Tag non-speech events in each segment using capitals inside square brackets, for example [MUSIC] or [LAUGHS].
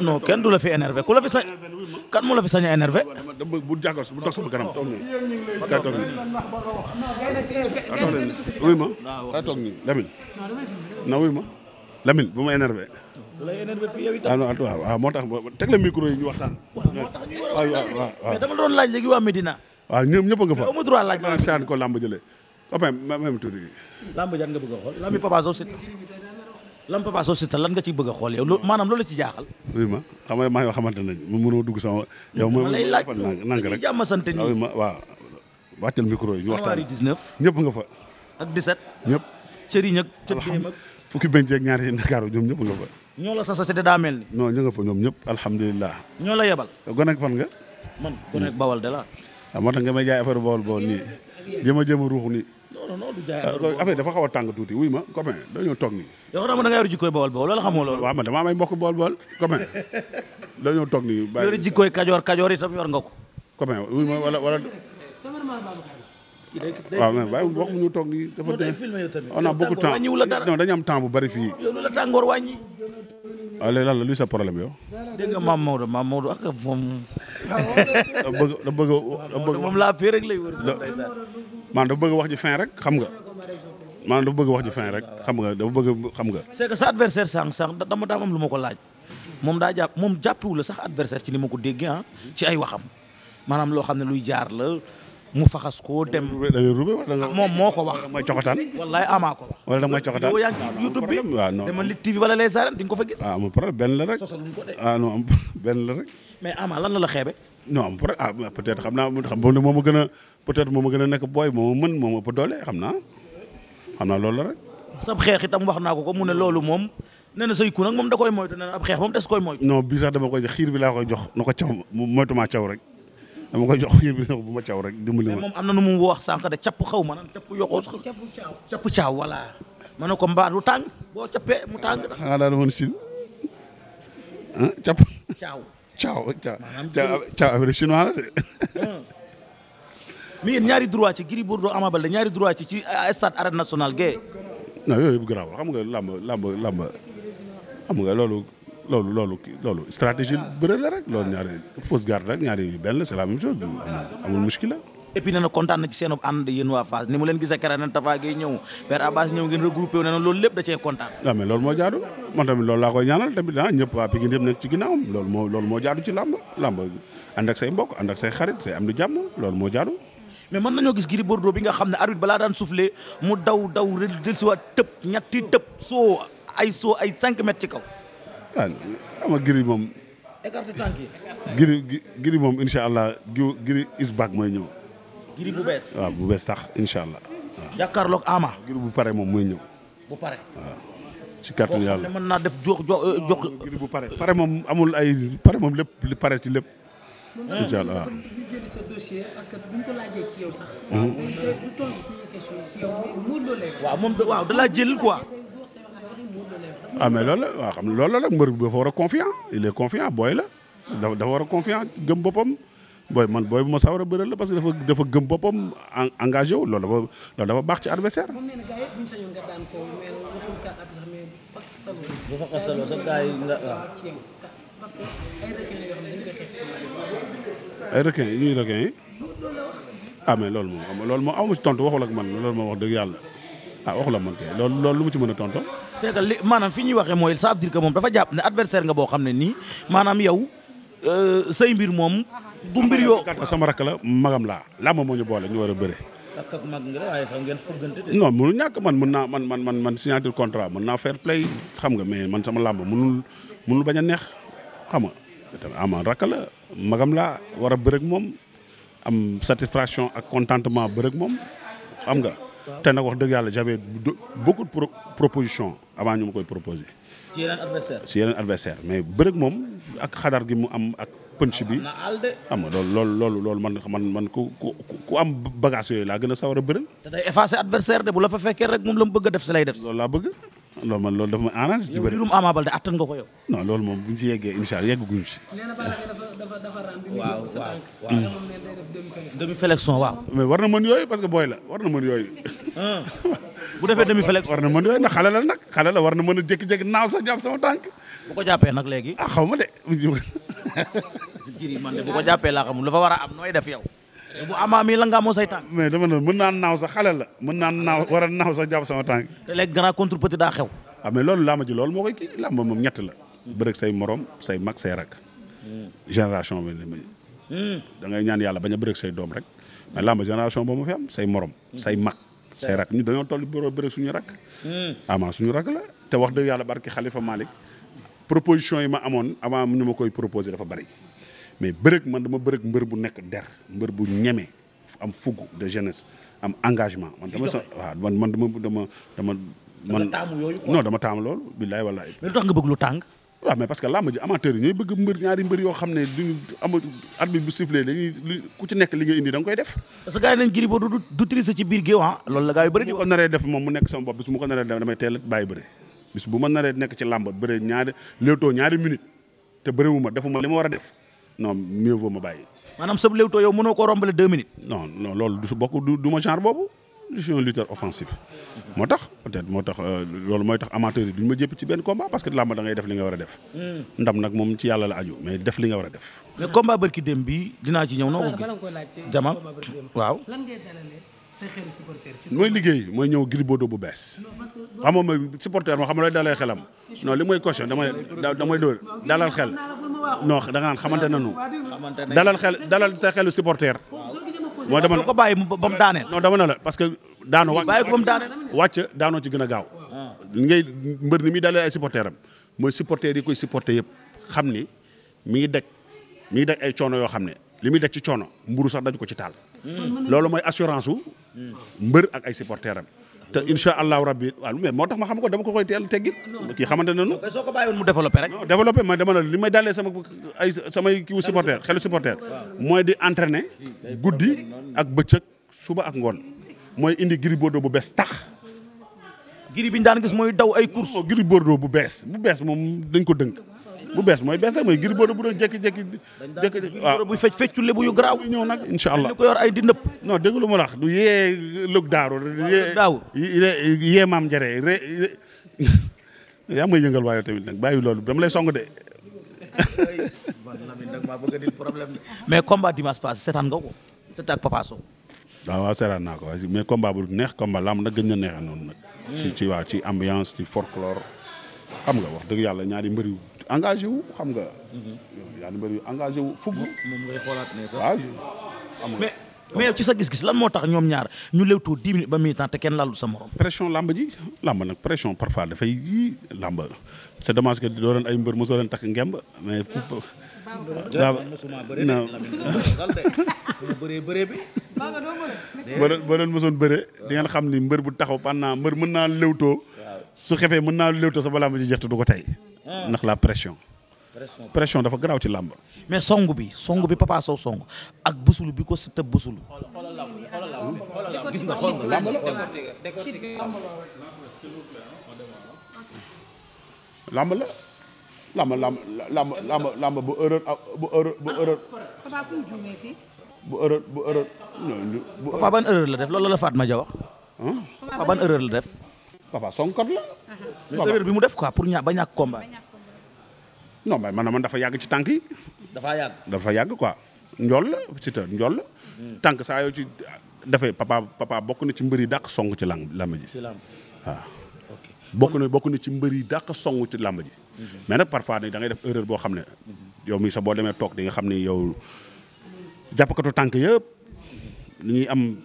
non kenn du la fi énervé ku la fi sañ kan mu la fi sañ a énervé. bu jàkkaar bu toog sama kanam toog nii daa toog nii wuy ma daa toog nii Lamine na wuy ma Lamine bu ma énervé. ah non waaw waaw moo tax teg la micro yi ñu waxtaan. waaw moo tax ñu war a waxtaan mais dama doon laaj léegi waa Medina. waaw ñoom ñëpp a nga fa amu droit laaj ma saan ko lamb jëlee jaan nga bëgg xool lambi Papa Sow Siteu lamb Papa Sow Siteu lan nga ciy bëgg a xool yow maanaam loolu la ci jaaxal oui ma xam nga maa yoo xamante nañ mu mënoo dugg sama yow ma lay laaj nang rek jàmm sant nii ah ma waaw wàccal micro yi ñu ñëpp nga fa ak 17 ñëpp cëriñ ak cëriñ ak fukki benc ñoom ñëpp nga fa ñoo la sa société daa mel ni non ñu nga fa ñoom ñëpp alhamdulilah ñoo la yebal gone ak fan nga man gone ak bawal de la waaw ah, moo tax nga may jaay affaire bool bool nii jëma jëma ruux nii. non ah, dafa xaw tàng tuuti wuy ma copain dañoo toog nii. yow xam nga da bool bool loolu dañoo toog nii. bàyyi yor jikkooy kajoor kajoor itam yor nga ko. copain wuy ma wala wala. waaw mais waaye wax ñu toog nii dafa dee on a beaucoup de temps non dañu am temps bu bari fii. yow la tàngoor wàññi. Ah, la luy sa problème yow. dégg nga maam Maodo maam Maodo ak da bëgg da bëgg da moom laa fee rek lay wër maanaam da bëgg wax ji fin rek xam nga maanaam da bëgg wax ji fin rek xam nga da bëgg xam nga c'est que sa adversaire sànq sànq dama daam am lu ma ko laaj moom daa jàpp moom jàppiwu la sax adversaire ci ni ma ko déggee ah ci waxam maanaam loo xam ne luy jaar la mu faxas koo dem ah, moom moo ko wax moo coxataan wallaay amaa ko wax wala mooy coxataan yaa ngi ci YouTube bi waaw ah, non dama li TV wala les arènes di nga ko fa gis waaw ah, amul problème benn la rek ah non [LAUGHS] benn la rek mais Ama lan la la xeebe. non ah peut-être xam naa moom ma gën a peut-être moom ma gën a moo mën moo ma ëpp doole xam naa xam naa loolu la rek. sab xeex itam wax naa ko ko mu ne loolu moom nee na say ku nag moom da koy moytu nee na ab xeex moom des koy moytu. non bii sax dama koy jox xiir bi laa koy jox na ko caw moytu maa rek dama koy jox xiir bu ma caw rek dimbali ma. mais moom am na nu mu wax sànq de capp xaw ma nan capp yokkoo. capp caaw capp caaw ma ne ko mbaa du tàng boo cappee mu tàng. xanaa daal ma ne si ah capp. caaw caaw caaw affaire chinois la de. Ah. mais yéen ñaari droit ci Gris Bordeaux Ama Baldé ñaari droit ci ci stade arène nationale gée. non yooyu yëpp garaawul xam nga làmb làmb làmb xam nga loolu loolu loolu loolu stratégie bëre la rek loolu ñaari fausse garde rek ñaari benn la c'est la même chose amul amul muskila et puis nee na kontaan na ci seen ànd yéen waa Fass ni mu leen gisee keroog nee na Tafa Gueye ñëw Père Abbas ñëw ngeen regroupé wu loolu lépp da cee kontaan waaw ah, mais moo jaadu man tamit loolu laa koy ñaanal tamit ah ñëpp waa Pikine yëpp nekk ci ginnaawam loolu moo loolu moo jaadu ci làmb làmb ànd ak say mbokk ànd ak say xarit say am di jàmm loolu moo jaadu mais mën nañoo gis Gris Bordeaux bi nga xam ne arbitre balaa daan soufflé mu daw daw del si waat tëb ñetti ay soo ay 5 ci kaw waaw ah, ama Gris moom écarté tànk yi Gris moom incha allah Gris is back mooy ñëw giri bu bees waaw bu bees tax incha allah. waaw jàkkaarloog bu pare moom mooy ñëw. bu pare waaw. ci def bu pare pare moom amul ay moom lépp li pare ci lépp. incha allah waaw kon ko laajee ci la waaw xam loolu la mbër dafa war a confiant il est confiant booy la dafa war a confiant gëm boppam. booy man booy bu ma sawar a bëral la parce que dafa dafa gëm boppam engagé wu loolu dafa dafa baax ci adversaire. moom nee na gars yëpp bu ñu sañoon nga daan ko mais waxul kat ab ay requin ñuy requin yi. ah moom loolu moom aw ma ci tontu waxul man loolu moom wax dëgg yàlla ah waxul ak man kay loolu lu mu ci mën a tontu. c'est maanaam fi ñuy waxee mooy ça veut dire moom dafa jàpp ne adversaire nga boo xam ne nii maanaam yow euh, say mbir moom. du mbir yoo sama rakk la magam laa làmb moo ñu boole ñu war a bëre ak mag nga waaye xam ngeen fëggante de non mënu ñàkk man mën naa man man man man signature contrat mën naa fair play xam nga mais man sama làmb mënul mënul bañ a neex xam nga ama rakk la magam laa war a bërëg moom am satisfaction ak contentement bërëg moom xam nga te nag wax dëgg yàlla j'avais beaucoup de proposition avant ñu ma koy proposer ci yeneen adversaire adversaire mais bërëg moom ak xadar gi mu am punch bi xam nga loolu loolu loolu loolu man man man ku ku ku am bagage yooyu laa gën a sawar a bëri. te day effacer adversaire de bu la fa fekkee rek moom la mu bëgg a def si lay def. loolu laa bëgg loolu man loolu dafa ma arrange. ci bëri waaw war na mën yooyu parce que booy la war na mën yooyu. Ah. bu defee demi flexion war na mën yooyu ndax xale la nag xale la war na mën a jékki-jékki naaw sax jàpp sama tànk bu ko jàppee nag léegi. ah xaw ma de. man de bu ko jàppee laa xamul dafa war a am nooy def yow. bu amaa mii la nga amoo say tànk. mais dama ne mën naa naaw sax xale la mën naa naaw war a naaw sax sama tànk. te léegi grand contre petit daa xew. ah mais loolu làmb ji loolu moo koy kii làmb moom ñett la. bërëg say moroom say mak say rak. génération bi da ngay ñaan yàlla bañ a bërëg say doom rek. mais làmb génération boobu ma say morom. say mag say rak dañoo toll bërëg suñu rak. Hmm. ama suñu rak la te wax dëgg yàlla barki Xalifa Malick proposition yi ma amoon avant ñu ma koy proposer dafa bari mais bërëg man dama bërëg mbër bu nekk der mbër bu ñeme am fougue de jeunesse am engagement man dama sa waaw man man dama dama dama man taamu yooyu non dama lu tax nga bëgg lu tàng waaw mais parce que làmb ji amateur yi ñooy bëgg mbër ñaari mbër yoo xam ne duñu amul arbitre bu sifflé dañuy ku ci nekk li nga indi da koy def parce que gars yi nañ Gris Bordeaux du triste ci biir géew ah loolu la gars yu bëri mu nekk sama bopp bis bu ma naree nekk ci làmb bëre ñaari léewtoo ñaari minute te bërewu ma defuma li ma war a def non mieux vaut ma bàyyi. maanaam sab léewtoo yow mënoo koo rombale deux minutes. non non loolu du su bokk du du ma genre boobu je suis offensif. moo tax peut moo tax euh, loolu mooy tax amateur yi duñ ma jëpp ci benn combat parce que làmb da ngay def li nga war a def. Hmm. ndam nag moom ci yàlla la aju mais def li nga war a def. mais combat barki dem bi dinaa ci ñëw noo ko gis. jamal waaw. mooy liggéey mooy ñëw Gris bu bees xam nga mooy supporter moo xam nga lay dalal xelam non li mooy caution damay damay dóor dalal xel non da nga naan xamante nañu dalal xel dalal sa xelu supporter moo dama ko bàyyi ba mu daaneel dama na la parce que daanu bàyyi ko ba wàcc daanoo ci gën a gaaw li ah. mbër ni muy dalee ay supporter am mooy supporter yi koy supporter yëpp xam ni mi ngi daj mi ngi daj ay coono yoo xam ne li muy daj ci coono mburu sox daju ko ci taal loolu mooy assurance wu mbër ak ay supporters am te incha allahu rabbi waaw mais moo tax ma xam ko dama ko koy teel teggil kii xamante ne noonu soo mu développé rek développé ma dama ne li may dalee sama ay samay kiwu supporter xelu supporter mooy di entraîner guddi ak bëccëg suba ak ngoon mooy indi Gris Bordeaux bu bees tax Gris bi ñu daan gis mooy daw ay course Gris Bordeaux bu bees bu bees moom dañ ko dënk bu bees mooy bees rek mooy Gris Bordeaux bu doon jékki-jékki. jékki waaw buy fecc feccu lébu yu garaaw. ñëw nag incha allah ay di nëpp. non dégg lu ma la wax du yee lëg daaru. waaw lëg [LAUGHS] yaa may yëngal waaye tamit nag bàyyi loolu dama lay song de. [LAUGHS] mais combat dimanche passé seetaan nga ko seetaan ak Papa Sow. waaw naa ko mais combat bu neex combat lamb nag gën na neexee noonu nag. ci ci waaw ci ambiance ci folklore xam nga wax dëgg yàlla ñaari mbër yu engagé wu xam nga. Mhm. yaa ngi wu fukk. xoolaat ne sax. mais mais ci sa gis-gis lan moo tax ñoom ñaar ñu lewtoo dix ba mi-temps te kenn laalu sa morom. pression làmb ji làmb nag pression parfois dafay yii làmb c'est dommage que ay mbër mosoo leen takk ngemb mais. daa non. boo leen mosoon bëre di ngeen xam ni mbër bu taxaw pendant mbër mën naa lewtoo su xefee mën naa lewtoo sa balaa ma ji jot du ko tey. Ah. ndax la pression. pression dafa garaaw ci làmb. mais song bi songu bi Papa Sow song ak busulu bi ko Siteu busulu. làmb la. làmb làmb làmb làmb làmb bu erreur ah, bu erreur bu erreur. papa fu mu la def lool la Fatma Dia wax. papa ban erreur la def. papa sonkot la. mais bi mu def quoi pour ña ba ñàkk combat. non mais man man dafa yàgg ci tànk yi. dafa yàgg dafa yàgg quoi. njool la Siteu njool la. Hmm. tànk saa yow ci dafay papa papa bokk na ci mbër yi dàq song ci làmb làmb ji. ci làmb bokk na bokk na ci mbër yi dàq song ci làmb ji. Hmm. mais nag parfois dangay def erreur boo xam ne. yow mii sax boo demee toog di nga xam ne yow jàppkatu tànk yëpp li am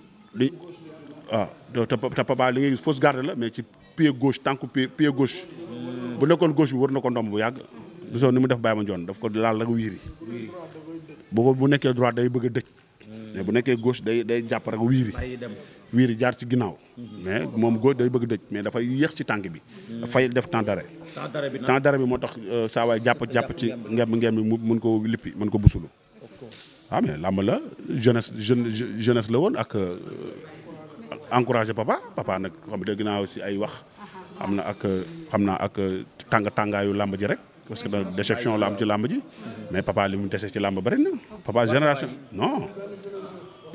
waaw te te Papa li ngay fausse garde la mais ci pied gauche tànku pied pied gauche. bu nekkoon gauche bi war na ko ndomb bu yàgg. gisoo ni mu def ma Mandione daf ko laal rek wiiri. boobu bu nekkee droite day bëgg a dëj. mais bu nekkee gauche day day jàpp rek wiiri. wiiri jaar ci ginnaaw. mais moom gauche day bëgg dëj mais dafay yéex ci tànk bi. fay def temps d'arrêt. temps d'arrêt bi moo tax euh, saa jàpp jàpp ci ngem ngem bi mu mun ko lippi mën ko busulu. waaw ah, mais làmb la jeunesse jeune jeunesse la woon ak. Euh, encouragé papa papa nag xam dégg naa aussi ay wax am na ak xam naa ak tàng tàngaayu làmb ji rek parce que déception la am ci làmb ji mais papa li mu dese ci làmb bari na papa génération non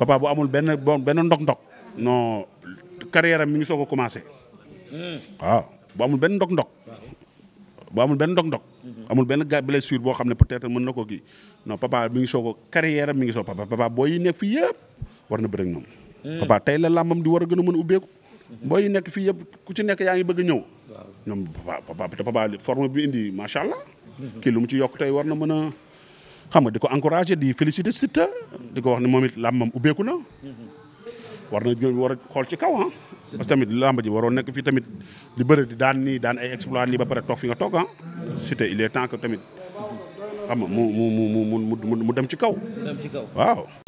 papa bu amul benn bon benn ndok-ndok non mi ngi soog a commencé waaw bu amul benn ndok-ndok bu amul benn ndok-ndok amul benn ga blessure boo xam ne peut-être mën na ko kii non papa mi ngi soog a carrière am mi ngi soog papa papa booy yi nekk fii yëpp war na bëri ak ñoom Mm. papa tey la làmbam di war a gën a mën a ubbeeku booy nekk fii yëpp ku ci nekk yaa ngi bëgg ñëw ñoom papa papa te papa forme bi indi macha allah kii lu mu ci yokk tey war na mën a xam nga di ko encouragé di félicité Siteu di ko wax ne moom it làmbam ubbeeku na war war a xool ci kaw ah parce tamit làmb ji waroon nekk fii tamit di bëri di daan nii daan ay exploit nii ba pare toog fi nga toog ah Siteu il est temps tamit mu mu dem ci kaw waaw